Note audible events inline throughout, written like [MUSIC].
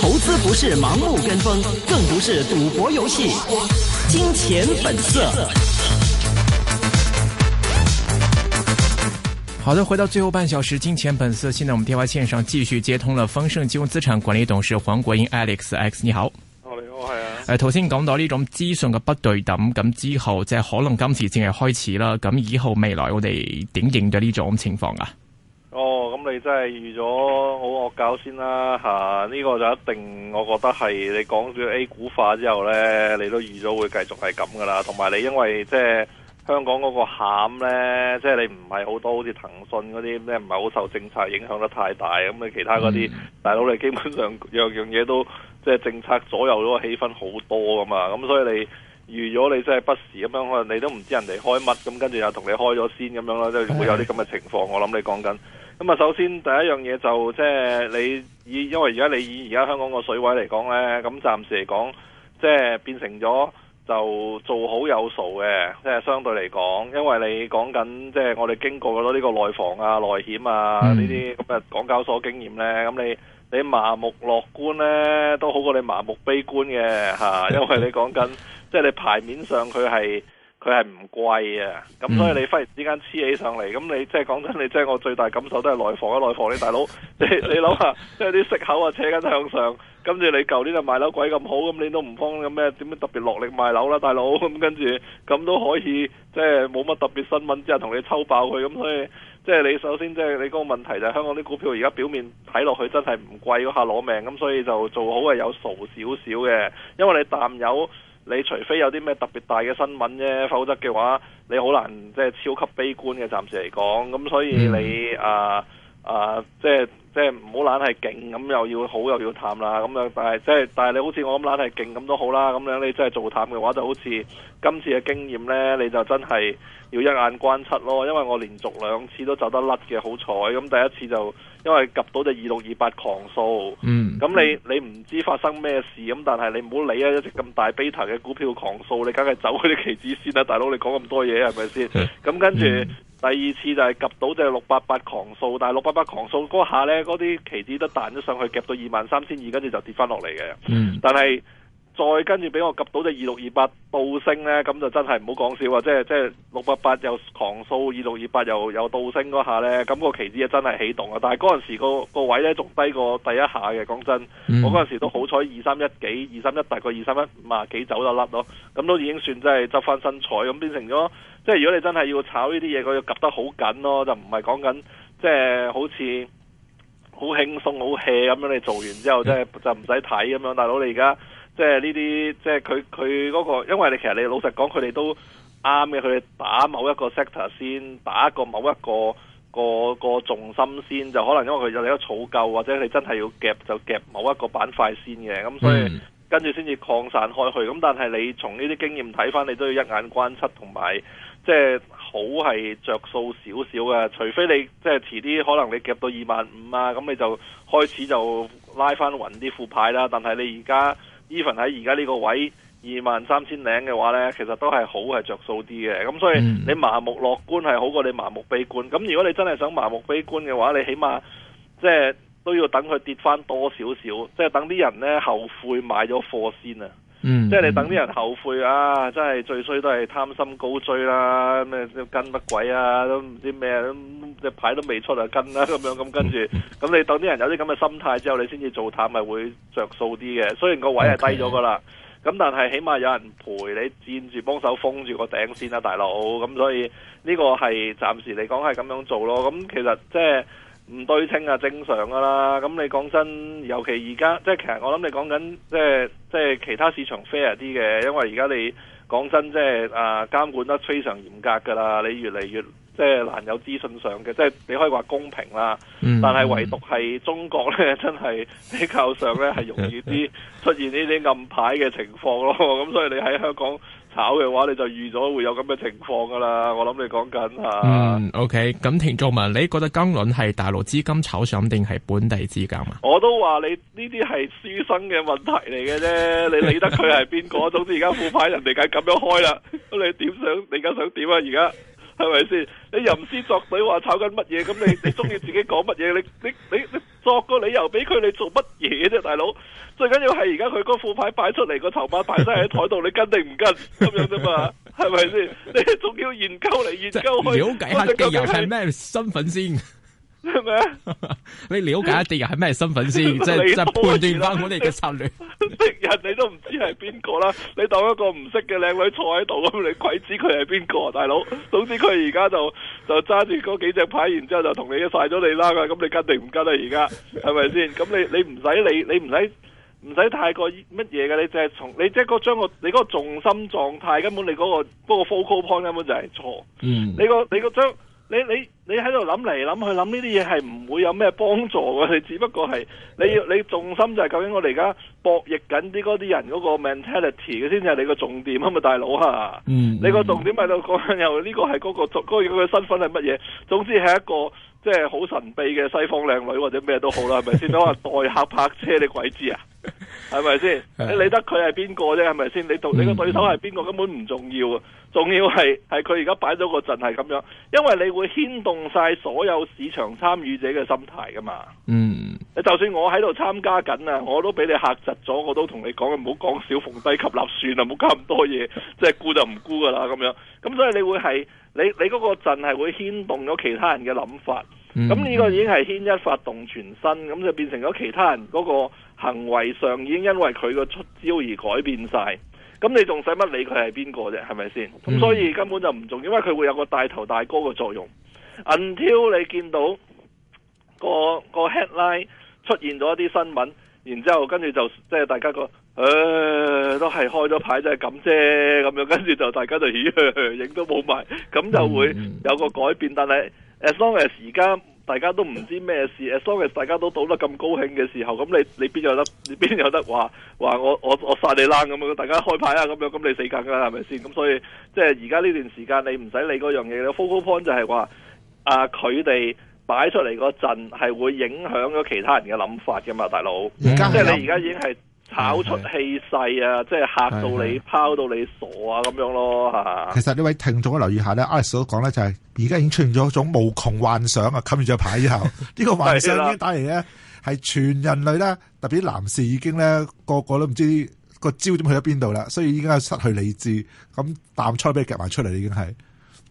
投資不是盲目跟風，更不是賭博遊戲。金錢本色。好的，回到最後半小時，金錢本色。現在我們電話線上繼續接通了豐盛金融資產管理董事黃國英 Alex X。你好，你好，係啊。誒，頭先講到呢種資訊嘅不對等，咁之後，即係可能今次只係開始啦。咁以後未來我哋點應對呢種情況啊？哦，咁你真係預咗好惡搞先啦嚇！呢、啊呢個就一定，我覺得係你講咗 A 股化之後呢，你都預咗會繼續係咁噶啦。同埋你因為即係香港嗰個餡呢，即係你唔係好多好似騰訊嗰啲，即唔係好受政策影響得太大咁你、嗯、其他嗰啲、嗯、大佬，你基本上樣樣嘢都即係政策左右咗氣氛好多噶嘛。咁、嗯、所以你預咗你真係不時咁樣，可能你都唔知人哋開乜，咁跟住又同你開咗先咁樣咯，即係會有啲咁嘅情況。我諗你講緊。咁啊，首先第一樣嘢就即係你以，因為而家你以而家香港個水位嚟講咧，咁暫時嚟講，即係變成咗就做好有數嘅，即係相對嚟講，因為你講緊即係我哋經過咗呢個內房啊、內險啊呢啲咁嘅港交所經驗咧，咁你你麻木樂觀咧，都好過你麻木悲觀嘅吓，因為你講緊即係你牌面上佢係。佢係唔貴啊，咁所以你忽然之間黐起上嚟，咁你即係講真，你即係我最大感受都係內房啊，內房，內房你大佬，你你諗下，即係啲息口啊，扯緊向上，跟住你舊年就賣樓鬼咁好，咁你都唔慌，咁咩點樣特別落力賣樓啦，大佬，咁跟住咁都可以即係冇乜特別新聞之後同你抽爆佢，咁所以即係、就是、你首先即係、就是、你嗰個問題就係香港啲股票而家表面睇落去真係唔貴嗰下攞命，咁所以就做好係有傻少少嘅，因為你淡有。你除非有啲咩特別大嘅新聞啫，否則嘅話你好難即係超級悲觀嘅，暫時嚟講咁，所以你、嗯、啊啊即係即係唔好懶係勁咁又要好又要淡啦咁樣，但係即係但係你好似我咁懶係勁咁都好啦，咁樣你真係做淡嘅話就好似今次嘅經驗呢，你就真係要一眼關七咯，因為我連續兩次都走得甩嘅，好彩咁第一次就。因為夾到就二六二八狂掃，咁、嗯、你、嗯、你唔知發生咩事，咁但係你唔好理啊！一隻咁大 beta 嘅股票狂掃，你梗係走嗰啲期指先啦、啊，大佬你講咁多嘢係咪先？咁、嗯、跟住、嗯、第二次就係夾到就六八八狂掃，但係六八八狂掃嗰下呢，嗰啲期指都彈咗上去，夾到二萬三千二，跟住就跌翻落嚟嘅。嗯、但係。再跟住俾我 𥉁 到隻二六二八倒升呢，咁就真係唔好講笑啊！即係即係六八八又狂掃，二六二八又又倒升嗰下呢，咁、那個旗子啊真係起動啊！但係嗰陣時個,個位呢，仲低過第一下嘅，講真，我嗰陣時都好彩，二三一幾、二三一大概二三一五啊幾走得甩咯，咁都已經算真係執翻身彩咁變成咗。即係如果你真係要炒呢啲嘢，佢要 𥉁 得好緊咯，就唔係講緊即係好似好輕鬆好 hea 咁樣你做完之後、嗯、即係就唔使睇咁樣，大佬你而家。即係呢啲，即係佢佢嗰個，因為你其實你老實講，佢哋都啱嘅。佢哋打某一個 sector 先，打一個某一個個個重心先，就可能因為佢有啲草夠，或者你真係要夾就夾某一個板塊先嘅。咁、嗯、所以、嗯、跟住先至擴散開去。咁但係你從呢啲經驗睇翻，你都要一眼關七，同埋即係好係着數少少嘅。除非你即係遲啲，可能你夾到二萬五啊，咁、嗯、你就開始就拉翻勻啲副牌啦。但係你而家，even 喺而家呢個位二萬三千零嘅話呢，其實都係好係着數啲嘅，咁所以、嗯、你麻木樂觀係好過你麻木悲觀。咁如果你真係想麻木悲觀嘅話，你起碼即係都要等佢跌翻多少少，即係等啲人呢後悔買咗貨先啊！嗯，即係你等啲人後悔啊！真係最衰都係貪心高追啦、啊，咩跟乜鬼啊，都唔知咩都隻牌都未出就、啊、跟啦、啊，咁樣咁跟住，咁、嗯嗯、你等啲人有啲咁嘅心態之後，你先至做淡咪會着數啲嘅。雖然個位係低咗㗎啦，咁、嗯、但係起碼有人陪你墊住幫手封住個頂先啦、啊，大佬。咁所以呢個係暫時嚟講係咁樣做咯。咁其實即係。唔對稱啊，正常㗎啦。咁你講真，尤其而家，即係其實我諗你講緊，即係即係其他市場 fair 啲嘅，因為而家你講真，即係啊監管得非常嚴格㗎啦，你越嚟越。即係難有資訊上嘅，即係你可以話公平啦。嗯、但係唯獨係中國咧，真係比較上咧係容易啲出現呢啲暗牌嘅情況咯。咁、嗯、 [LAUGHS] 所以你喺香港炒嘅話，你就預咗會有咁嘅情況噶啦。我諗你講緊嚇。嗯，OK。咁田仲文，你覺得金輪係大陸資金炒上定係本地資金啊？我都話你呢啲係書生嘅問題嚟嘅啫。你理得佢係邊個？ [LAUGHS] 總之而家副牌人哋梗係咁樣開啦。咁你點想？你而家想點啊？而家？係咪先？你吟詩作對，話炒緊乜嘢？咁你你中意自己講乜嘢？你你你你作個理由俾佢，你做乜嘢啫，大佬？最緊要係而家佢嗰副牌擺出嚟，個籌碼擺晒喺台度，你跟定唔跟咁 [LAUGHS] 樣啫嘛？係咪先？你仲要研究嚟研究去，佢哋又係咩身份先？係咪啊？ [LAUGHS] 你了解敵人係咩身份先，即係即係判斷翻我哋嘅策略。敵 [LAUGHS] 人你都唔知係邊個啦，你當一個唔識嘅靚女坐喺度，咁你鬼知佢係邊個啊？大佬，總之佢而家就就揸住嗰幾隻牌，然之後就同你晒咗你啦。咁你跟定唔跟啊？而家係咪先？咁你理你唔使你你唔使唔使太過乜嘢噶。你即係從你即係個將個你嗰個重心狀態，根本你嗰、那個嗰、那個 focal point 根本就係錯。嗯你、那個，你個你個你你你喺度諗嚟諗去諗呢啲嘢係唔會有咩幫助嘅？你只不過係你要、嗯、你重心就係究竟我哋而家博弈緊啲嗰啲人嗰個 mentality 嘅先至係你個重點啊嘛，大佬吓。嗯，嗯，嗯，你個重點喺度講又呢個係嗰個，嗰個嗰個身份係乜嘢？總之係一個。即係好神秘嘅西方靚女或者咩都好啦，係咪先？我話 [LAUGHS] 代客泊車，你鬼知啊？係咪先？你理得佢係邊個啫？係咪先？你同你個對手係邊個根本唔重要啊！重要係係佢而家擺咗個陣係咁樣，因為你會牽動晒所有市場參與者嘅心態噶嘛。嗯， [LAUGHS] 就算我喺度參加緊啊，我都俾你吓窒咗。我都同你講，唔好講笑，逢低吸納算啦，唔好搞咁多嘢，即係估就唔估噶啦，咁樣。咁所以你會係。你你嗰個陣係會牽動咗其他人嘅諗法，咁呢、嗯、個已經係牽一發動全身，咁就變成咗其他人嗰個行為上已經因為佢個出招而改變晒。咁你仲使乜理佢係邊個啫？係咪先？咁、嗯、所以根本就唔重要，因為佢會有個大頭大哥嘅作用。Until 你見到、那個、那個 headline 出現咗一啲新聞，然之後跟住就即係、就是、大家個。誒、呃，都係開咗牌就係咁啫，咁樣跟住就大家就影都冇埋，咁就會有個改變。但係、mm hmm. as long as 而家大家都唔知咩事，as long as 大家都賭得咁高興嘅時候，咁你你邊有得你邊有得話話我我我殺你啦？咁啊？大家開牌啊咁樣，咁你死梗啦係咪先？咁所以即係而家呢段時間，你唔使理嗰樣嘢啦。focal point 就係話啊，佢哋擺出嚟嗰陣係會影響咗其他人嘅諗法噶嘛，大佬。即係你而家已經係。跑出氣勢啊！即係嚇到你，拋到你傻啊！咁樣咯吓。其實呢位聽眾咧留意下咧，Alex 所講咧就係而家已經出現咗一種無窮幻想啊！冚住咗牌之後，呢 [LAUGHS] 個幻想已經帶嚟咧，係全人類咧，特別啲男士已經咧個個都唔知個焦點去咗邊度啦，所以已經係失去理智，咁彈窗俾你夾埋出嚟已經係。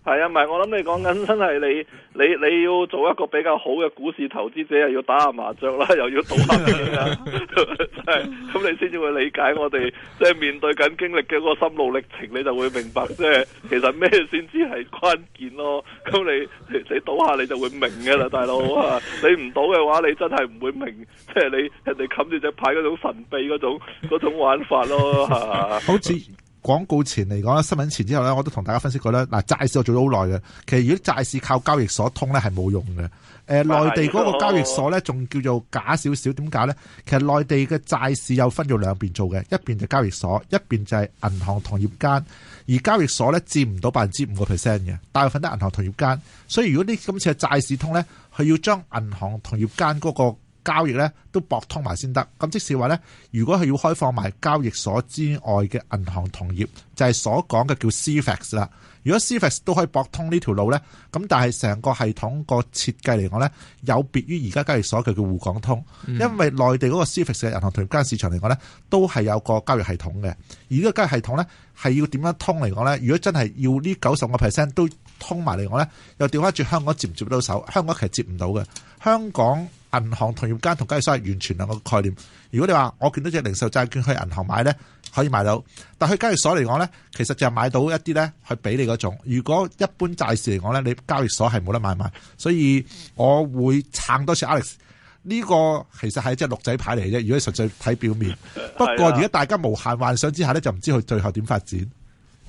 係啊，唔係我諗你講緊真係你你你要做一個比較好嘅股市投資者，又要打下麻雀啦，又要賭下嘅，咁 [LAUGHS] [LAUGHS] 你先至會理解我哋即係面對緊經歷嘅一個心路歷程，你就會明白即係其實咩先至係關鍵咯。咁你你賭下你就會明噶啦，大佬啊，你唔賭嘅話你真係唔會明，即係你人哋冚住隻牌嗰種神秘嗰種嗰種玩法咯吓。啊，好自然。廣告前嚟講咧，新聞前之後咧，我都同大家分析過啦。嗱、啊，債市我做咗好耐嘅，其實如果債市靠交易所通咧，係冇用嘅。誒、呃，內地嗰個交易所咧，仲叫做假少少。點解咧？其實內地嘅債市有分咗兩邊做嘅，一邊就交易所，一邊就係銀行同業間。而交易所咧，佔唔到百分之五個 percent 嘅，大部分都係銀行同業間。所以如果呢今次嘅債市通咧，佢要將銀行同業間嗰、嗰個。交易咧都駁通埋先得。咁即使話咧，如果係要開放埋交易所之外嘅銀行同業，就係、是、所講嘅叫 CFAX 啦。如果 CFAX 都可以駁通呢條路咧，咁但係成個系統個設計嚟講咧，有別於而家交易所佢叫滬港通，嗯、因為內地嗰個 CFAX 嘅銀行同業間市場嚟講咧，都係有個交易系統嘅。而呢個交易系統咧，係要點樣通嚟講咧？如果真係要呢九十五 percent 都通埋嚟講咧，又掉翻住香港接唔接，接到手？香港其實接唔到嘅，香港。銀行、同業間、同交易所係完全兩個概念。如果你話我見到隻零售債券去銀行買呢，可以買到；但去交易所嚟講呢，其實就係買到一啲呢，去俾你嗰種。如果一般債市嚟講呢，你交易所係冇得買賣。所以，我會撐多次 Alex。呢個其實係一隻鹿仔牌嚟啫。如果你純粹睇表面，不過如果大家無限幻想之下呢，就唔知佢最後點發展。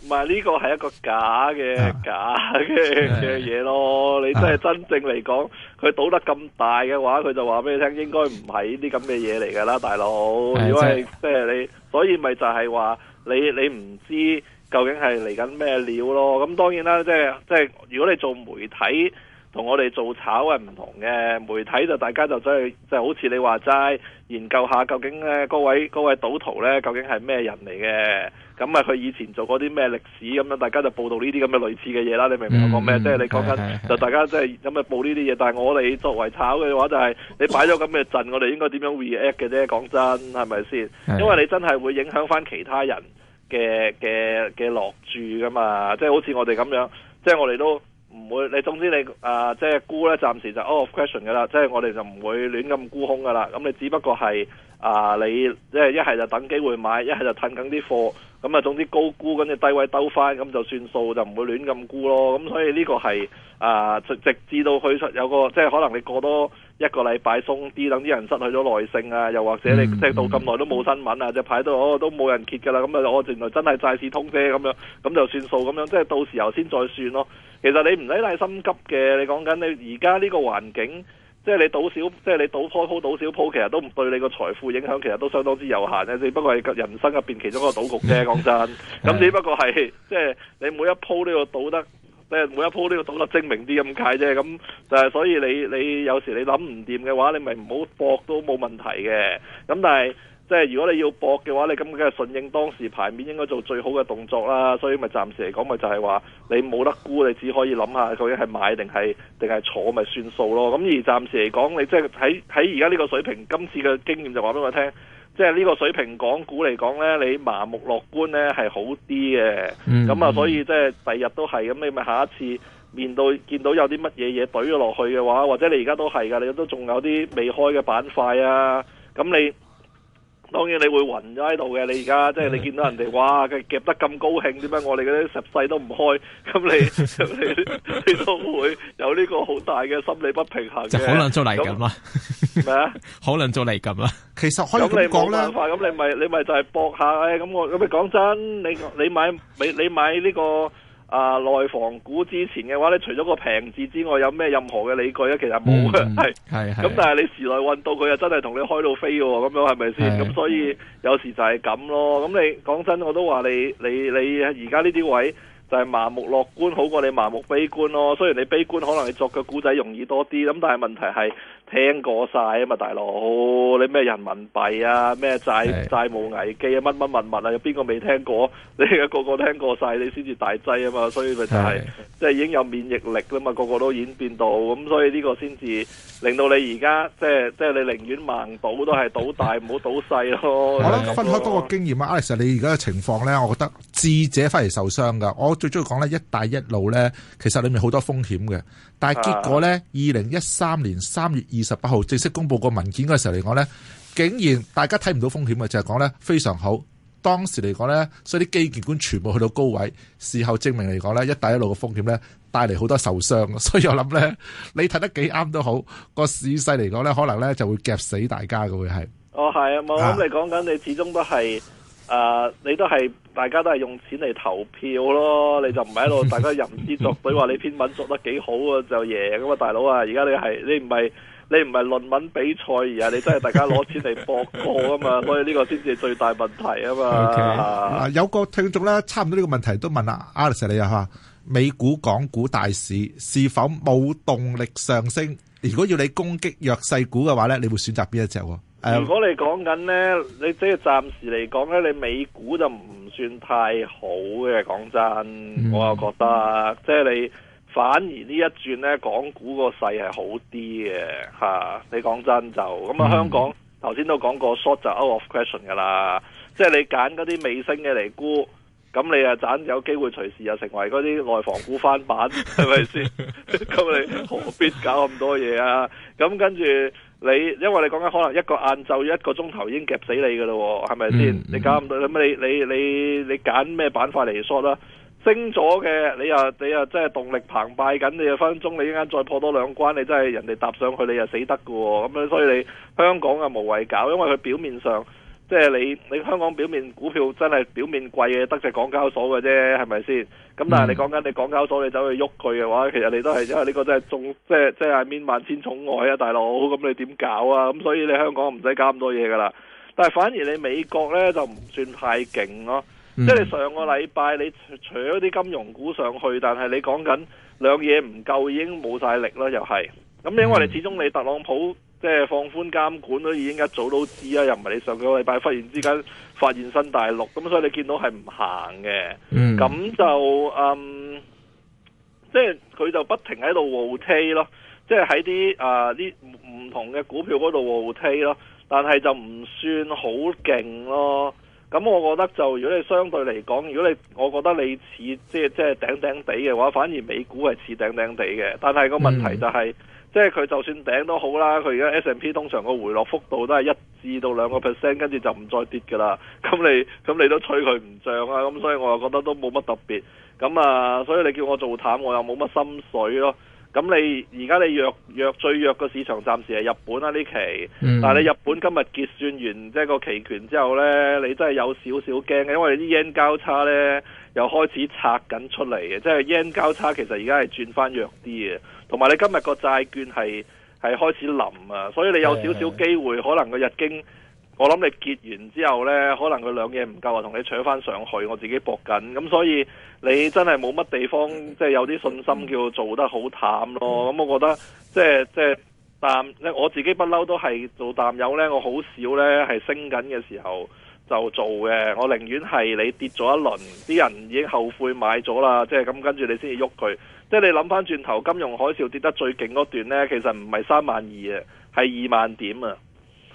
唔係，呢個係一個假嘅假嘅嘅嘢咯，你真係真正嚟講，佢賭得咁大嘅話，佢就話俾你聽，應該唔係呢啲咁嘅嘢嚟㗎啦，大佬。如果係即係你，所以咪就係話你你唔知究竟係嚟緊咩料咯。咁當然啦，即係即係如果你做媒體，同我哋做炒係唔同嘅，媒體就大家就走去，就好似你話齋，研究下究竟咧，各位各位賭徒咧，究竟係咩人嚟嘅？咁啊，佢以前做過啲咩歷史咁樣？大家就報道呢啲咁嘅類似嘅嘢啦。你明唔明我講咩？即係、嗯嗯嗯就是、你講緊的就大家即係咁樣報呢啲嘢。但係我哋作為炒嘅話、就是，就係你擺咗咁嘅陣，我哋應該點樣 react 嘅啫？講真，係咪先？因為你真係會影響翻其他人嘅嘅嘅落注噶嘛。即係好似我哋咁樣，即、就、係、是、我哋都。唔會，你總之你誒、呃、即係沽咧，暫時就 out of question 噶啦。即係我哋就唔會亂咁沽空噶啦。咁你只不過係啊、呃，你即係一係就等機會買，一係就褪緊啲貨。咁啊，總之高沽，跟住低位兜返，咁就算數，就唔會亂咁沽咯。咁所以呢個係啊，直、呃、直至到去出有個，即係可能你過多一個禮拜鬆啲，等啲人失去咗耐性啊，又或者你即係到咁耐都冇新聞啊，隻牌、哦、都哦都冇人揭㗎啦。咁啊，我原來真係債市通啫，咁樣咁就算數咁樣，即係到時候先再算咯。其實你唔使太心急嘅，你講緊你而家呢個環境。即係你賭少，即係你賭鋪鋪賭少鋪，其實都唔對你個財富影響其實都相當之有限咧。只不過係人生入邊其中一個賭局啫，講真。咁 [LAUGHS] 只不過係即係你每一鋪都要賭得，即係每一鋪都要賭得精明啲咁解啫。咁就係所以你你有時你諗唔掂嘅話，你咪唔好搏都冇問題嘅。咁但係。即係如果你要搏嘅話，你咁梗係順應當時牌面應該做最好嘅動作啦，所以咪暫時嚟講咪就係話你冇得估，你只可以諗下究竟係買定係定係坐咪算數咯。咁而暫時嚟講，你即係喺喺而家呢個水平，今次嘅經驗就話俾我聽，即係呢個水平港股嚟講呢，你麻木樂觀呢係好啲嘅。咁啊、嗯嗯，所以即係第日都係咁，你咪下一次面對見到有啲乜嘢嘢懟咗落去嘅話，或者你而家都係㗎，你都仲有啲未開嘅板塊啊，咁你。當然你會暈咗喺度嘅，你而家即係你見到人哋哇，佢夾得咁高興，點解我哋嗰啲十世都唔開？咁你 [LAUGHS] 你你都會有呢個好大嘅心理不平衡嘅，就可能做嚟咁啦，咩啊？可能做嚟咁啦。 [LAUGHS] 其實咁你冇辦法，咁呢你咪你咪就係搏下誒。咁我咁你講真，你你，真你，你買你你買呢個。啊，內房股之前嘅話，你除咗個平字之外，有咩任何嘅理據咧？其實冇係係係。咁、嗯、是但係你時來運到，佢又真係同你開到飛嘅、哦，咁樣係咪先？咁是所以有時就係咁咯。咁你講真，我都話你你你而家呢啲位就係盲目樂觀好過你盲目悲觀咯。雖然你悲觀可能你作嘅故仔容易多啲，咁但係問題係。聽過晒啊嘛，大佬，你咩人民幣啊，咩債債務危機啊，乜乜物物啊，有邊個未聽過？你個個聽過晒，你先至大劑啊嘛，所以咪就係、是、的即係已經有免疫力啦嘛，個個都演變到咁，所以呢個先至令到你而家即係即係你寧願盲賭都係賭大，唔好賭細咯。我諗 [LAUGHS] 的分開多個經驗啊 [LAUGHS] ，Alex，你而家嘅情況咧，我覺得智者反而受傷噶。我最中意講咧，一帶一路咧，其實裏面好多風險嘅，但係結果咧，二零一三年三月 [LAUGHS] 二十八號正式公布個文件嘅時候嚟講呢，竟然大家睇唔到風險嘅，就係講呢非常好。當時嚟講呢，所以啲基建股全部去到高位。事後證明嚟講呢，一帶一路嘅風險呢帶嚟好多受傷。所以我諗呢，你睇得幾啱都好，個市勢嚟講呢，可能呢就會夾死大家嘅會係。哦，係啊，我諗你講緊你始終都係，誒，你都係大家都係用錢嚟投票咯，你就唔係喺度大家吟詩作對話你篇文做得幾好啊就贏咁啊，大佬啊！而家你係你唔係？你唔係論文比賽而啊，你真係大家攞錢嚟博過啊嘛， [LAUGHS] 所以呢個先至最大問題啊嘛。Okay. 啊有個聽眾咧，差唔多呢個問題都問啊，阿 Alex 你呀，美股港股大市是否冇動力上升？如果要你攻擊弱勢股嘅話咧，你會選擇邊一隻？Uh, 如果你講緊咧，你即係暫時嚟講咧，你美股就唔算太好嘅，講真，嗯、我又覺得、嗯、即係你。反而呢一轉呢，港股個勢係好啲嘅嚇。你講真就咁啊，香港頭先、嗯、都講過 short 就 out of question 嘅啦。即係你揀嗰啲未升嘅嚟沽，咁你啊盞有機會隨時又成為嗰啲內房股翻版，係咪先？咁 [LAUGHS] [LAUGHS] 你何必搞咁多嘢啊？咁跟住你，因為你講緊可能一個晏晝一個鐘頭已經夾死你嘅咯，係咪先？你搞咁多咁你你你你揀咩板塊嚟 short 啦？升咗嘅，你又你又即係動力澎湃緊，你又分分鐘你依家再破多兩關，你真係人哋搭上去，你又死得噶喎，哦！咁，嗯、樣，所以你香港啊無謂搞，因為佢表面上即係你你香港表面股票真係表面貴嘅，得隻港交所嘅啫。係咪先？咁但係你講緊你港交所，你走去喐佢嘅話，其實你都係因為呢個真係眾即係即係面萬千寵愛啊，大佬！咁你點搞啊？咁，嗯、所以你香港唔使搞咁多嘢噶啦。但係反而你美國呢，就唔算太勁咯。嗯、即係你上個禮拜，你除咗啲金融股上去，但係你講緊兩嘢，唔夠，已經冇晒力啦。又係咁，因為你始終你特朗普即係放寬監管都已經一早都知啦，又唔係你上個禮拜忽然之間發現新大陸，咁所以你見到係唔行嘅，咁、嗯、就嗯，即係佢就不停喺度 rotate 咯，即係喺啲啊呢唔同嘅股票嗰度 rotate 咯，但係就唔算好勁咯。咁我覺得就如果你相對嚟講，如果你我覺得你似即係即係頂頂地嘅話，反而美股係似頂頂地嘅。但係個問題就係、是，嗯、即係佢就算頂都好啦，佢而家 S&P 通常個回落幅度都係一至到兩個 percent，跟住就唔再跌噶啦。咁你咁你都吹佢唔漲啊，咁所以我又覺得都冇乜特別。咁啊，所以你叫我做淡，我又冇乜心水咯。咁你而家你弱弱最弱嘅市場暫時係日本啦、啊、呢期，但係你日本今日結算完即係個期權之後呢，你真係有少少驚嘅，因為你啲 yen 交叉呢又開始拆緊出嚟嘅，即係 yen 交叉其實而家係轉翻弱啲嘅，同埋你今日個債券係係開始冧啊，所以你有少少機會可能個日經。我諗你結完之後呢，可能佢兩嘢唔夠啊，同你扯翻上去，我自己搏緊，咁所以你真係冇乜地方，即係有啲信心叫做做得好淡咯。咁我覺得即係即係淡，我自己不嬲都係做淡友呢。我好少呢係升緊嘅時候就做嘅。我寧願係你跌咗一輪，啲人已經後悔買咗啦，即係咁跟住你先至喐佢。即係你諗翻轉頭，金融海嘯跌得最勁嗰段呢，其實唔係三萬二啊，係二萬點啊。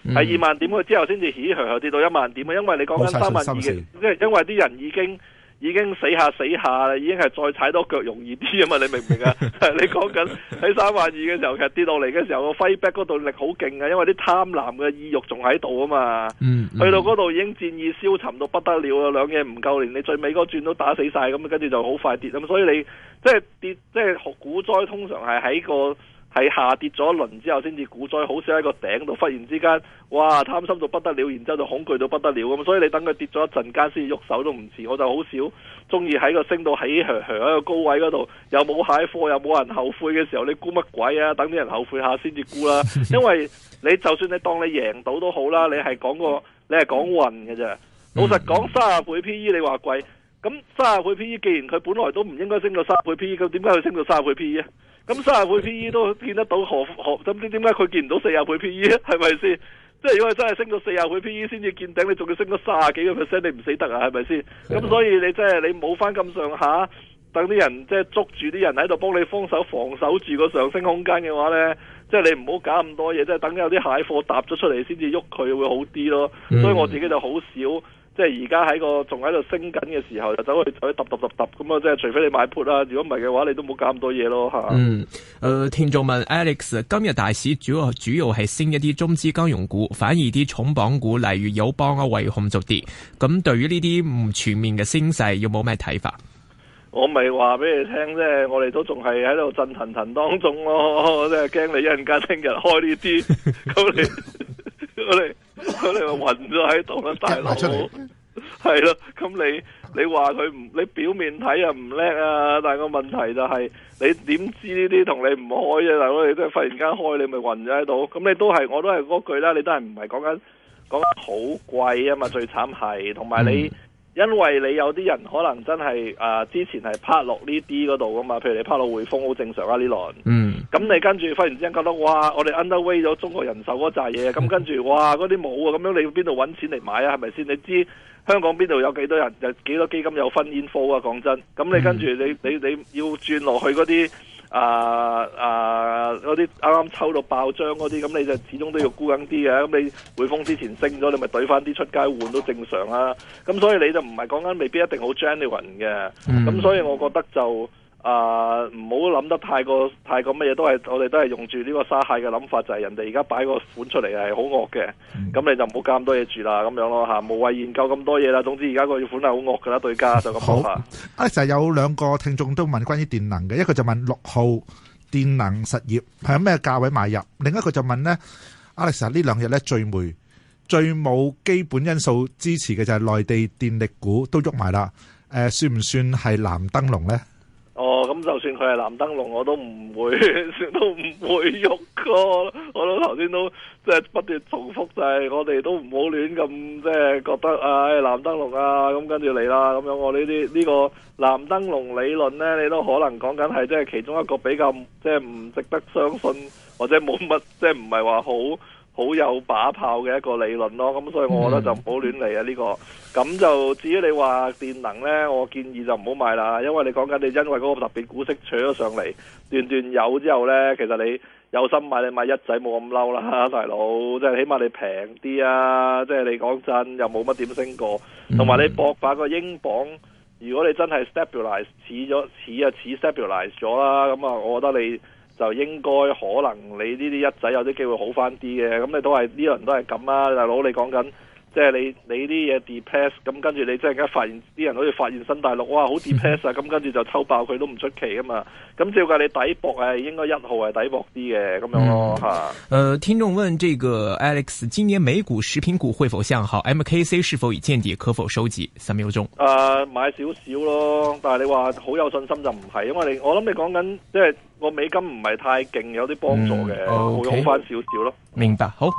係二萬點去之後先至起起起跌到一萬點啊，因為你講緊三萬二嘅，即係因為啲人已經已經死下死下啦，已經係再踩多腳容易啲啊嘛，你明唔明啊？ [LAUGHS] 你講緊喺三萬二嘅時候其實跌落嚟嘅時候個 fightback 嗰度力好勁啊，因為啲貪婪嘅意欲仲喺度啊嘛。嗯嗯、去到嗰度已經戰意消沉到不得了啊，兩嘢唔夠，連你最尾嗰個轉都打死晒，咁跟住就好快跌啊。所以你即係跌即係股災通常係喺個。係下跌咗一輪之後，先至股災，好少喺個頂度忽然之間，哇貪心到不得了，然之後就恐懼到不得了咁。所以你等佢跌咗一陣間，先喐手都唔遲。我就好少中意喺個升到起起喺個高位嗰度，又冇蟹貨，又冇人後悔嘅時候，你估乜鬼啊？等啲人後悔下先至估啦。因為你就算你當你贏到都好啦，你係講個你係講運嘅啫。老實講，三十倍 P E 你話貴，咁三十倍 P E 既然佢本來都唔應該升到三十倍 P E，咁點解佢升到三十倍 P E 啊？咁三十倍 P E 都見得到何何，咁點點解佢見唔到四十倍 P E 啊？係咪先？即係如果真係升到四十倍 P E 先至見頂，你仲要升三十幾個 percent，你唔死得啊？係咪先？咁所以你即係你冇翻咁上下，等啲人即係捉住啲人喺度幫你防守防守住個上升空間嘅話呢，即係你唔好搞咁多嘢，即係等有啲蟹貨踏咗出嚟先至喐佢會好啲咯。嗯。所以我自己就好少。即係而家喺個仲喺度升緊嘅時候，就走去走去揼揼揼揼咁啊！即係除非你買 put 啦，如果唔係嘅話，你都冇搞咁多嘢咯吓。嗯，誒、呃，聽眾問 Alex，今日大市主要主要係升一啲中資金融股，反而啲重磅股例如友邦啊、匯控就跌。咁對於呢啲唔全面嘅升勢，有冇咩睇法？我咪話俾你聽啫，我哋都仲係喺度震騰騰當中咯，即係驚你一陣間聽日開呢啲，我哋。你咪暈咗喺度啦，大佬，係咯，咁你你話佢唔，你表面睇又唔叻啊，但係個問題就係你點知呢啲同你唔開啊？大佬，你都忽然間開，你咪暈咗喺度。咁你都係，我都係嗰句啦，你都係唔係講緊講好貴啊嘛？最慘係同埋你。因為你有啲人可能真係誒、呃，之前係拋落呢啲嗰度噶嘛，譬如你拋落匯豐好正常啊呢輪，咁、嗯、你跟住忽然之間覺得哇，我哋 underweight 咗中國人壽嗰扎嘢。咁跟住哇嗰啲冇啊，咁樣你邊度搵錢嚟買啊？係咪先？你知香港邊度有幾多人，有幾多基金有分 info 啊？講真，咁你跟住你、嗯、你你要轉落去嗰啲。啊啊嗰啲啱啱抽到爆張嗰啲，咁你就始終都要沽緊啲嘅。咁你匯豐之前升咗，你咪懟翻啲出街換都正常啦、啊。咁所以你就唔係講緊未必一定好 genuine 嘅。咁所以我覺得就。啊！唔好諗得太過太過乜嘢，都係我哋都係用住呢個沙蟹嘅諗法，就係、是、人哋而家擺個款出嚟係好惡嘅，咁、嗯、你就唔好咁多嘢住啦，咁樣咯吓，無謂研究咁多嘢啦。總之而家個款係好惡噶啦，對家就咁好。吓。Alex 有兩個聽眾都問關於電能嘅，一個就問六號電能實業係有咩價位買入，另一個就問咧，Alex 呢兩日咧聚沒最冇基本因素支持嘅就係內地電力股都喐埋啦，誒、呃、算唔算係藍燈籠呢？就算佢係藍燈籠，我都唔會，都唔會喐個。我都頭先都即係不斷重複，就係、是、我哋都唔好亂咁即係覺得、哎、燈籠啊，藍燈籠啊，咁跟住你啦，咁樣我呢啲呢個藍燈籠理論呢，你都可能講緊係即係其中一個比較即係唔值得相信，或者冇乜即係唔係話好。好有把炮嘅一個理論咯，咁、嗯、所以我覺得、這個、就唔好亂嚟啊呢個。咁就至於你話電能呢，我建議就唔好買啦，因為你講緊你因為嗰個特別股息取咗上嚟，段段有之後呢，其實你有心買你買一仔冇咁嬲啦，大佬，即係起碼你平啲啊，即係你講真又冇乜點升過，同埋、嗯、你博翻個英鎊，如果你真係 stabilize 似咗似啊似 stabilize 咗啦，咁啊，我覺得你。就應該可能你呢啲一仔有啲機會好翻啲嘅，咁、嗯、你都係呢輪都係咁啊，大佬，你講緊。即係你你啲嘢 depress 咁，跟住你即係而家發現啲人好似發現新大陸，哇好 depress 啊！咁、嗯、跟住就抽爆佢都唔出奇噶嘛。咁照計你底搏係應該號一號係底搏啲嘅咁樣咯吓。誒、哦啊呃，聽眾問：這個 Alex 今年美股食品股會否向好？MKC 是否已見底，可否收集？三秒鐘。誒、呃，買少少咯，但係你話好有信心就唔係，因為你我諗你講緊即係個美金唔係太勁，有啲幫助嘅，會好翻少少咯。嗯 okay、明白，好。